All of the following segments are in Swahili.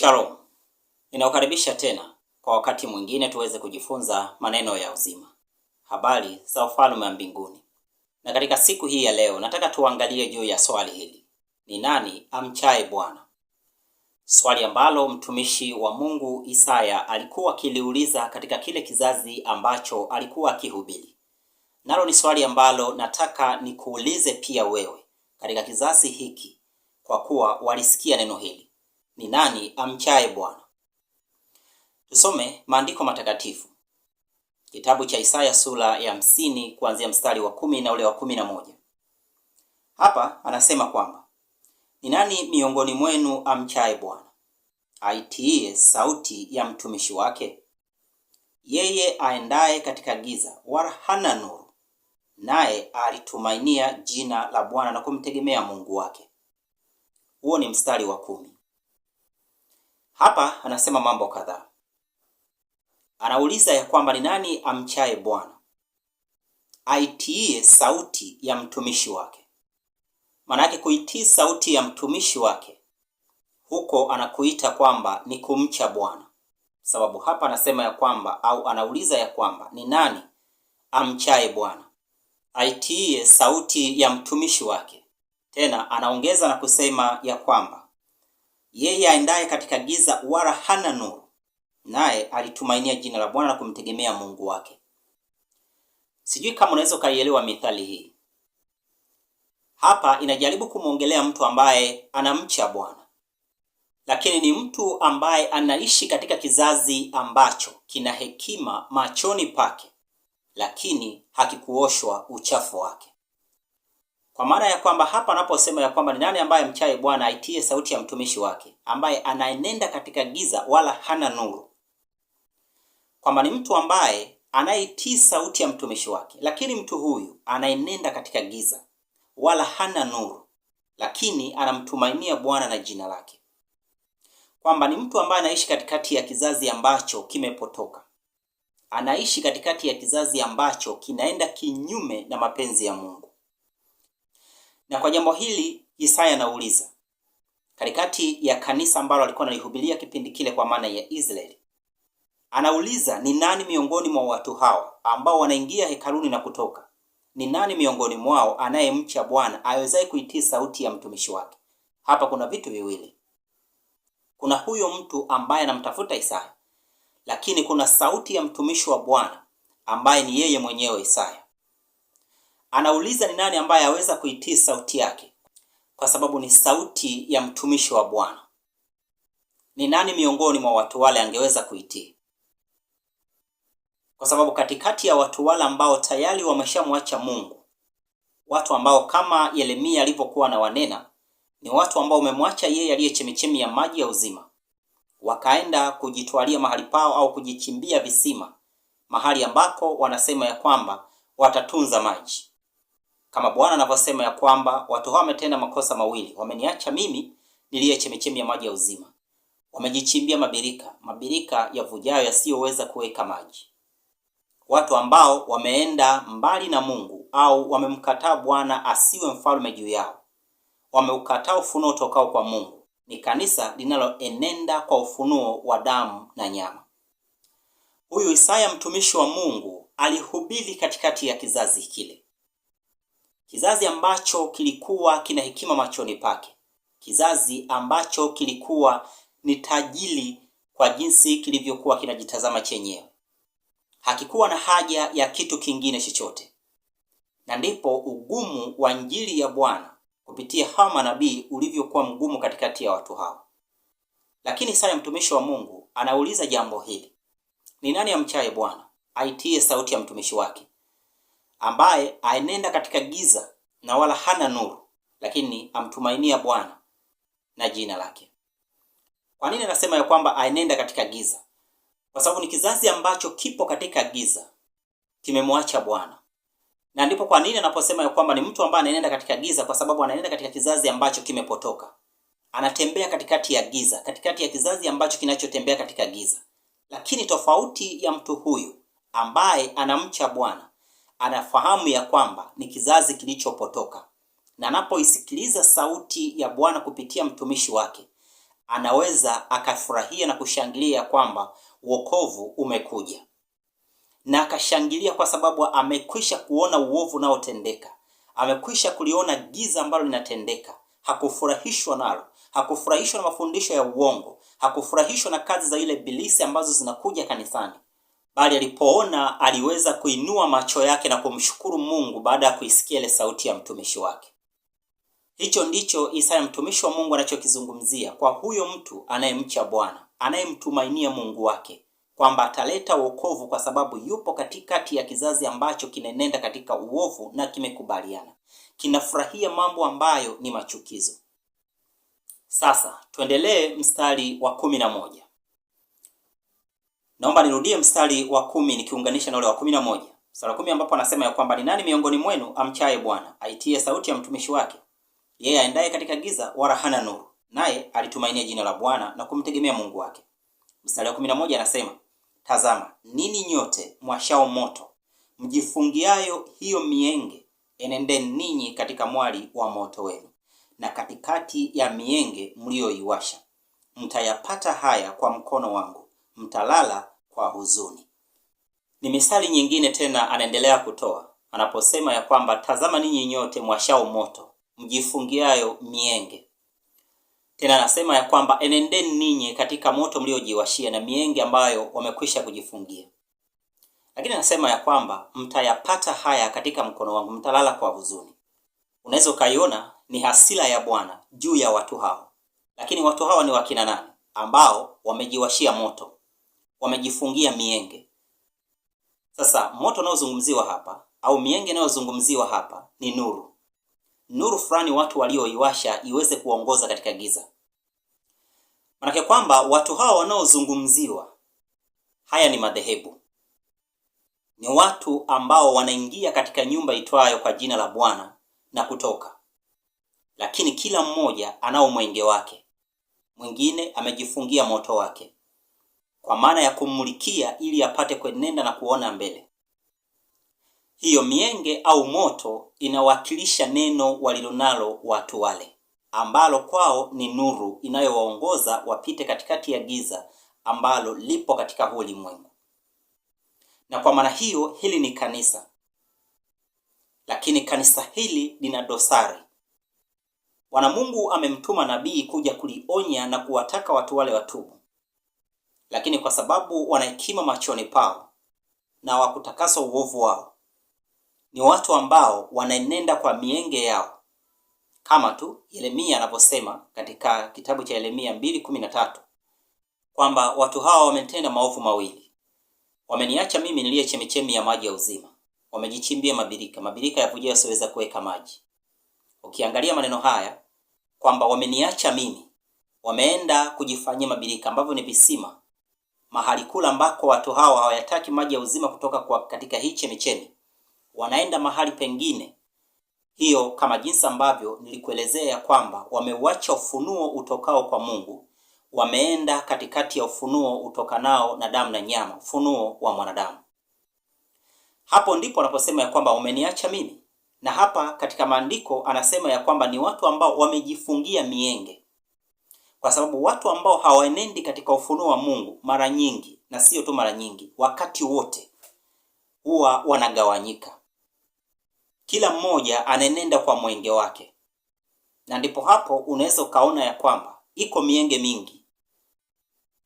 Shalom, ninakukaribisha tena kwa wakati mwingine tuweze kujifunza maneno ya uzima, habari za ufalme wa mbinguni. Na katika siku hii ya leo, nataka tuangalie juu ya swali hili: ni nani amchaye Bwana? Swali ambalo mtumishi wa Mungu Isaya alikuwa akiliuliza katika kile kizazi ambacho alikuwa akihubiri, nalo ni swali ambalo nataka nikuulize pia wewe katika kizazi hiki, kwa kuwa walisikia neno hili ni nani amchaye Bwana? Tusome maandiko matakatifu, kitabu cha Isaya sura ya hamsini kuanzia mstari wa kumi na ule wa kumi na moja. Hapa anasema kwamba ni nani miongoni mwenu amchaye Bwana, aitiie sauti ya mtumishi wake? Yeye aendaye katika giza, wala hana nuru, naye alitumainia jina la Bwana na kumtegemea Mungu wake. Huo ni mstari wa kumi. Hapa anasema mambo kadhaa. Anauliza ya kwamba ni nani amchaye Bwana aitiie sauti ya mtumishi wake. Maana yake kuitii sauti ya mtumishi wake huko anakuita kwamba ni kumcha Bwana, sababu hapa anasema ya kwamba au anauliza ya kwamba ni nani amchaye Bwana aitiie sauti ya mtumishi wake. Tena anaongeza na kusema ya kwamba yeye aendaye katika giza wala hana nuru, naye alitumainia jina la Bwana na kumtegemea Mungu wake. Sijui kama unaweza ukaielewa mithali hii. Hapa inajaribu kumwongelea mtu ambaye anamcha Bwana, lakini ni mtu ambaye anaishi katika kizazi ambacho kina hekima machoni pake, lakini hakikuoshwa uchafu wake. Kwa maana ya kwamba hapa anaposema ya kwamba ni nani ambaye mchaye Bwana aitie sauti ya mtumishi wake, ambaye anaenenda katika giza wala hana nuru, kwamba ni mtu ambaye anaitii sauti ya mtumishi wake. Lakini mtu huyu anaenenda katika giza wala hana nuru, lakini anamtumainia Bwana na jina lake, kwamba ni mtu ambaye anaishi katikati ya kizazi ambacho kimepotoka, anaishi katikati ya kizazi ambacho kinaenda kinyume na mapenzi ya Mungu. Na kwa jambo hili Isaya anauliza katikati ya kanisa ambalo alikuwa analihubiria kipindi kile, kwa maana ya Israeli, anauliza ni nani miongoni mwa watu hawa ambao wanaingia hekaluni na kutoka, ni nani miongoni mwao anayemcha Bwana awezaye kuitii sauti ya mtumishi wake? Hapa kuna vitu viwili, kuna huyo mtu ambaye anamtafuta Isaya, lakini kuna sauti ya mtumishi wa Bwana ambaye ni yeye mwenyewe Isaya. Anauliza ni nani ambaye aweza kuitii sauti yake, kwa sababu ni sauti ya mtumishi wa Bwana. Ni nani miongoni mwa watu wale angeweza kuitii? Kwa sababu katikati ya watu wale ambao tayari wameshamwacha Mungu, watu ambao kama Yeremia alivyokuwa na wanena, ni watu ambao umemwacha yeye aliye chemichemi ya maji ya uzima, wakaenda kujitwalia mahali pao au kujichimbia visima, mahali ambako wanasema ya kwamba watatunza maji kama Bwana anavyosema ya kwamba watu hao wametenda makosa mawili, wameniacha mimi niliye chemichemi ya maji ya uzima, wamejichimbia mabirika, mabirika yavujayo yasiyoweza kuweka maji. Watu ambao wameenda mbali na Mungu au wamemkataa Bwana asiwe mfalme juu yao, wameukataa ufunuo utokao kwa Mungu, ni kanisa linaloenenda kwa ufunuo wa damu na nyama. Huyu Isaya mtumishi wa Mungu alihubiri katikati ya kizazi kile kizazi ambacho kilikuwa kina hekima machoni pake, kizazi ambacho kilikuwa ni tajiri kwa jinsi kilivyokuwa kinajitazama chenyewe. Hakikuwa na haja ya kitu kingine chochote, na ndipo ugumu wa Injili ya Bwana kupitia hawa manabii ulivyokuwa mgumu katikati ya watu hao. Lakini Isaya mtumishi wa Mungu anauliza jambo hili: ni nani amchaye Bwana, aitie sauti ya mtumishi wake? ambaye aenenda katika giza na wala hana nuru, lakini amtumainia Bwana na jina lake. Kwa nini anasema ya kwamba aenenda katika giza? Kwa sababu ni kizazi ambacho kipo katika giza, kimemwacha Bwana. Na ndipo kwa nini anaposema ya kwamba ni mtu ambaye anaenenda katika giza, kwa sababu anaenenda katika kizazi ambacho kimepotoka. Anatembea katikati ya giza, katikati ya kizazi ambacho kinachotembea katika giza. Lakini tofauti ya mtu huyu ambaye anamcha Bwana anafahamu ya kwamba ni kizazi kilichopotoka, na anapoisikiliza sauti ya Bwana kupitia mtumishi wake anaweza akafurahia na kushangilia ya kwamba wokovu umekuja, na akashangilia kwa sababu amekwisha kuona uovu unaotendeka, amekwisha kuliona giza ambalo linatendeka. Hakufurahishwa nalo, hakufurahishwa na mafundisho ya uongo, hakufurahishwa na kazi za ile bilisi ambazo zinakuja kanisani bali alipoona aliweza kuinua macho yake na kumshukuru Mungu baada ya kuisikia ile sauti ya mtumishi wake. Hicho ndicho Isaya mtumishi wa Mungu anachokizungumzia kwa huyo mtu anayemcha Bwana, anayemtumainia Mungu wake kwamba ataleta wokovu kwa sababu yupo katikati ya kizazi ambacho kinenenda katika uovu na kimekubaliana, kinafurahia mambo ambayo ni machukizo. Sasa tuendelee mstari wa kumi na moja. Naomba nirudie mstari wa kumi nikiunganisha na ule wa kumi na moja mstari wa kumi ambapo anasema ya kwamba ni nani miongoni mwenu amchaye Bwana aitie sauti ya mtumishi wake, yeye aendaye katika giza, wala hana nuru, naye alitumainia jina la Bwana na kumtegemea Mungu wake. Mstari wa kumi na moja anasema tazama, nini nyote mwashao moto, mjifungiayo hiyo mienge, enende ninyi katika mwali wa moto wenu, na katikati ya mienge mliyoiwasha mtayapata haya kwa mkono wangu, mtalala kwa huzuni. Ni misali nyingine tena anaendelea kutoa anaposema ya kwamba tazama ninyi nyote mwashao moto mjifungiayo mienge. Tena anasema ya kwamba enendeni ninyi katika moto mliojiwashia na mienge ambayo wamekwisha kujifungia. Lakini anasema ya kwamba mtayapata haya katika mkono wangu, mtalala kwa huzuni. Unaweza ukaiona ni hasira ya Bwana juu ya watu hao, lakini watu hawa ni wakina nani ambao wamejiwashia moto? wamejifungia mienge. Sasa moto unaozungumziwa hapa au mienge inayozungumziwa hapa ni nuru, nuru fulani watu walioiwasha iweze kuongoza katika giza. Manake kwamba watu hawa wanaozungumziwa, haya ni madhehebu, ni watu ambao wanaingia katika nyumba itwayo kwa jina la Bwana na kutoka, lakini kila mmoja anao mwenge wake, mwingine amejifungia moto wake kwa maana ya kummulikia ili apate kuenenda na kuona mbele. Hiyo mienge au moto inawakilisha neno walilonalo watu wale, ambalo kwao ni nuru inayowaongoza wapite katikati ya giza ambalo lipo katika huu ulimwengu. Na kwa maana hiyo hili ni kanisa, lakini kanisa hili lina dosari. Bwana Mungu amemtuma nabii kuja kulionya na kuwataka watu wale watubu lakini kwa sababu wana hekima machoni pao na wakutakasa uovu wao. Ni watu ambao wanaenenda kwa mienge yao, kama tu Yeremia anavyosema katika kitabu cha Yeremia 2:13 kwamba watu hawa wametenda maovu mawili: wameniacha mimi niliye chemichemi ya maji ya uzima, wamejichimbia mabirika, mabirika yavujayo yasiweza kuweka maji. Ukiangalia maneno haya kwamba wameniacha mimi, wameenda kujifanyia mabirika ambavyo ni visima mahali kula ambako watu hawa hawayataki maji ya uzima kutoka kwa katika hii chemichemi, wanaenda mahali pengine. Hiyo kama jinsi ambavyo nilikuelezea ya kwamba wameuacha ufunuo utokao kwa Mungu, wameenda katikati ya ufunuo utokanao na damu na nyama, ufunuo wa mwanadamu. Hapo ndipo anaposema ya kwamba umeniacha mimi, na hapa katika maandiko anasema ya kwamba ni watu ambao wamejifungia mienge kwa sababu watu ambao hawaenendi katika ufunuo wa Mungu mara nyingi, na sio tu mara nyingi, wakati wote huwa wanagawanyika, kila mmoja anaenenda kwa mwenge wake, na ndipo hapo unaweza ukaona ya kwamba iko mienge mingi.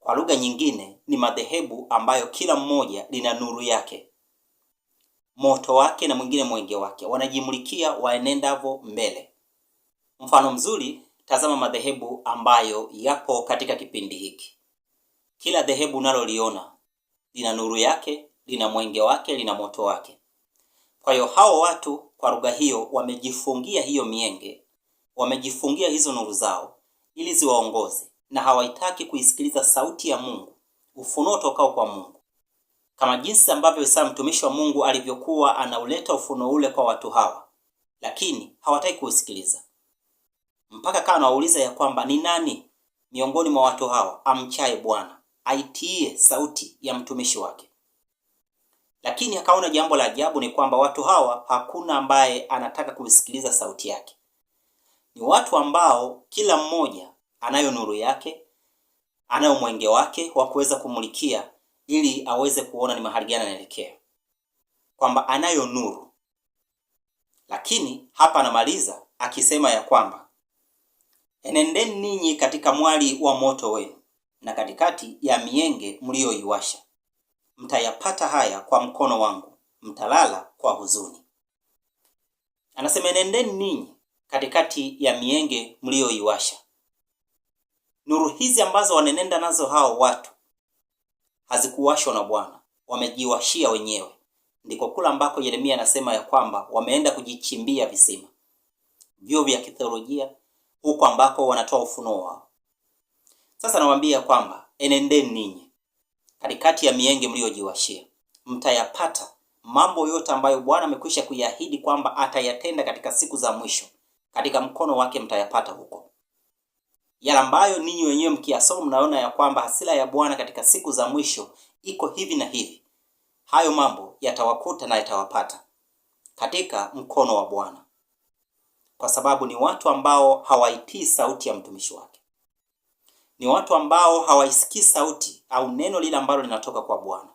Kwa lugha nyingine, ni madhehebu ambayo kila mmoja lina nuru yake, moto wake, na mwingine mwenge wake, wanajimulikia waenendavo mbele. Mfano mzuri tazama madhehebu ambayo yapo katika kipindi hiki. Kila dhehebu unaloliona lina nuru yake, lina mwenge wake, lina moto wake. Kwa hiyo hao watu kwa lugha hiyo wamejifungia hiyo mienge, wamejifungia hizo nuru zao ili ziwaongoze, na hawaitaki kuisikiliza sauti ya Mungu, ufunuo utokao kwa Mungu, kama jinsi ambavyo Isaya mtumishi wa Mungu alivyokuwa anauleta ufunuo ule kwa watu hawa, lakini hawataki kuusikiliza mpaka akawa anawauliza ya kwamba ni nani miongoni mwa watu hao amchaye Bwana aitiie sauti ya mtumishi wake. Lakini akaona jambo la ajabu ni kwamba watu hawa hakuna ambaye anataka kusikiliza sauti yake. Ni watu ambao kila mmoja anayo nuru yake, anayo mwenge wake wa kuweza kumulikia ili aweze kuona ni mahali gani anaelekea, kwamba anayo nuru. Lakini hapa anamaliza akisema ya kwamba enendeni ninyi katika mwali wa moto wenu, na katikati ya mienge mliyoiwasha. Mtayapata haya kwa mkono wangu, mtalala kwa huzuni. Anasema enendeni ninyi katikati ya mienge mliyoiwasha. Nuru hizi ambazo wanenenda nazo hao watu hazikuwashwa na Bwana, wamejiwashia wenyewe. Ndiko kula ambako Yeremia anasema ya kwamba wameenda kujichimbia visima, vyuo vya kitheolojia, huko ambako wanatoa ufunuo wao. Sasa nawaambia kwamba enendeni ninyi katikati ya mienge mliyojiwashia, mtayapata mambo yote ambayo Bwana amekwisha kuyaahidi kwamba atayatenda katika siku za mwisho, katika mkono wake mtayapata huko yale ambayo ninyi wenyewe mkiyasoma mnaona ya kwamba hasira ya Bwana katika siku za mwisho iko hivi na hivi. Hayo mambo yatawakuta na yatawapata katika mkono wa Bwana kwa sababu ni watu ambao hawaitii sauti ya mtumishi wake, ni watu ambao hawaisikii sauti au neno lile ambalo linatoka kwa Bwana,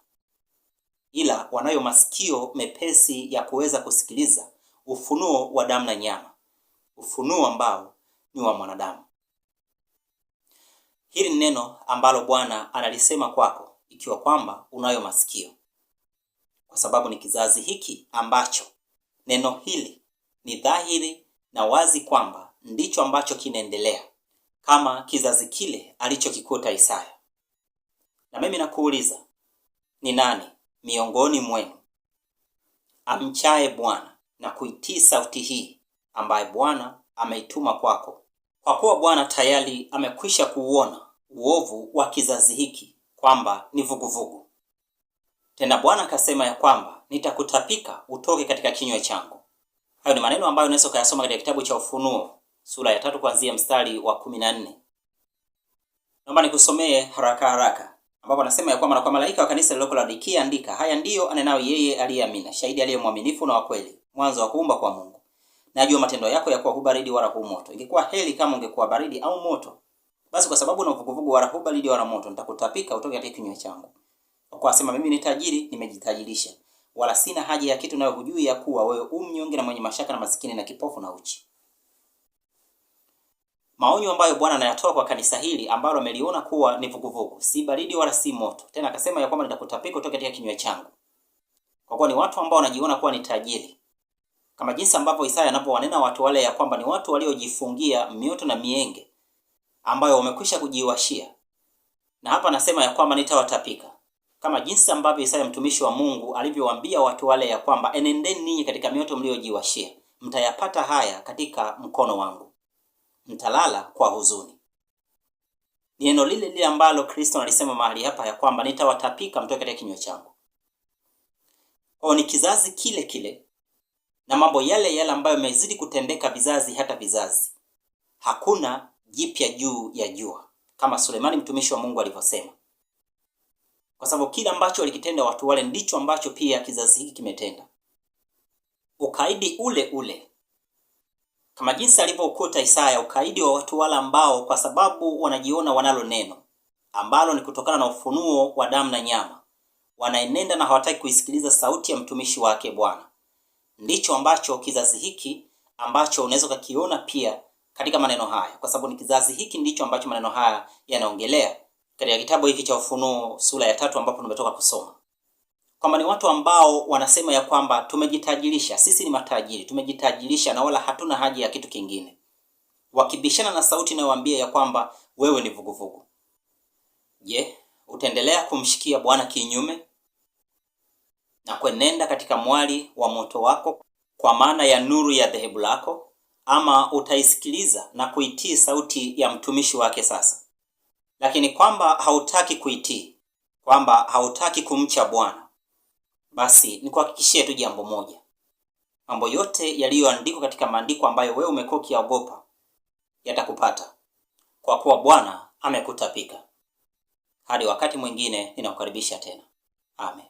ila wanayo masikio mepesi ya kuweza kusikiliza ufunuo wa damu na nyama, ufunuo ambao ni wa mwanadamu. Hili ni neno ambalo Bwana analisema kwako, ikiwa kwamba unayo masikio, kwa sababu ni kizazi hiki ambacho neno hili ni dhahiri na wazi kwamba ndicho ambacho kinaendelea kama kizazi kile alichokikuta Isaya. Na mimi nakuuliza, ni nani miongoni mwenu amchaye Bwana na kuitii sauti hii ambaye Bwana ameituma kwako? Kwa kuwa Bwana tayari amekwisha kuuona uovu wa kizazi hiki kwamba ni vuguvugu. Tena Bwana akasema ya kwamba nitakutapika utoke katika kinywa changu. Hayo ni maneno ambayo unaweza ukayasoma katika kitabu cha Ufunuo sura ya tatu kuanzia mstari wa kumi na nne. Naomba nikusomee haraka haraka, ambapo anasema ya kwamba na kwa malaika wa kanisa lililoko Laodikia andika, haya ndiyo anenayo yeye aliyeamina, shahidi aliye mwaminifu na wa kweli, mwanzo wa kuumba kwa Mungu. Najua matendo yako ya kuwa hu baridi wala hu moto. Ingekuwa heli kama ungekuwa baridi au moto. Basi kwa sababu una uvuguvugu wala hu baridi wala moto, nitakutapika utoke katika kinywa changu. Kwa kuwa asema mimi ni tajiri, nimejitajirisha wala sina haja ya kitu nayo hujui ya kuwa wewe umnyonge na mwenye mashaka na masikini na kipofu na uchi. Maonyo ambayo Bwana anayatoa kwa kanisa hili ambalo ameliona kuwa ni vuguvugu, si baridi wala si moto, tena akasema ya kwamba nitakutapika kutoka katika kinywa changu, kwa kuwa ni watu ambao wanajiona kuwa ni tajiri, kama jinsi ambavyo Isaya anapowanena watu wale ya kwamba ni watu waliojifungia mioto na mienge ambayo wamekwisha kujiwashia, na hapa anasema ya kwamba nitawatapika kama jinsi ambavyo Isaya mtumishi wa Mungu alivyowaambia watu wale ya kwamba enendeni ninyi katika mioto mliyojiwashia, mtayapata haya katika mkono wangu, mtalala kwa huzuni. Ni neno lile lile ambalo Kristo alisema mahali hapa ya kwamba nitawatapika mtoke katika kinywa changu. Kwao ni kizazi kile kile na mambo yale yale ambayo yamezidi kutendeka vizazi hata vizazi. Hakuna jipya juu ya jua, kama Sulemani mtumishi wa Mungu alivyosema kwa sababu kile ambacho walikitenda watu wale ndicho ambacho pia kizazi hiki kimetenda. Ukaidi ule ule kama jinsi alivyokuta Isaya, ukaidi wa watu wale ambao kwa sababu wanajiona wanalo neno ambalo ni kutokana na ufunuo wa damu na nyama, wanaenenda na hawataki kuisikiliza sauti ya mtumishi wake Bwana. Ndicho ambacho kizazi hiki ambacho unaweza ukakiona pia katika maneno haya, kwa sababu ni kizazi hiki ndicho ambacho maneno haya yanaongelea katika kitabu hiki cha Ufunuo sura ya tatu ambapo tumetoka kusoma kwamba ni watu ambao wanasema ya kwamba tumejitajirisha, sisi ni matajiri, tumejitajirisha na wala hatuna haja ya kitu kingine, wakibishana na sauti inayowaambia ya kwamba wewe ni vuguvugu. Je, utaendelea kumshikia Bwana kinyume na kwenenda katika mwali wa moto wako, kwa maana ya nuru ya dhehebu lako, ama utaisikiliza na kuitii sauti ya mtumishi wake sasa lakini kwamba hautaki kuitii, kwamba hautaki kumcha Bwana, basi nikuhakikishie tu jambo moja: mambo yote yaliyoandikwa katika maandiko ambayo wewe umekuwa ukiyaogopa yatakupata, kwa kuwa Bwana amekutapika. Hadi wakati mwingine, ninakukaribisha tena. Amen.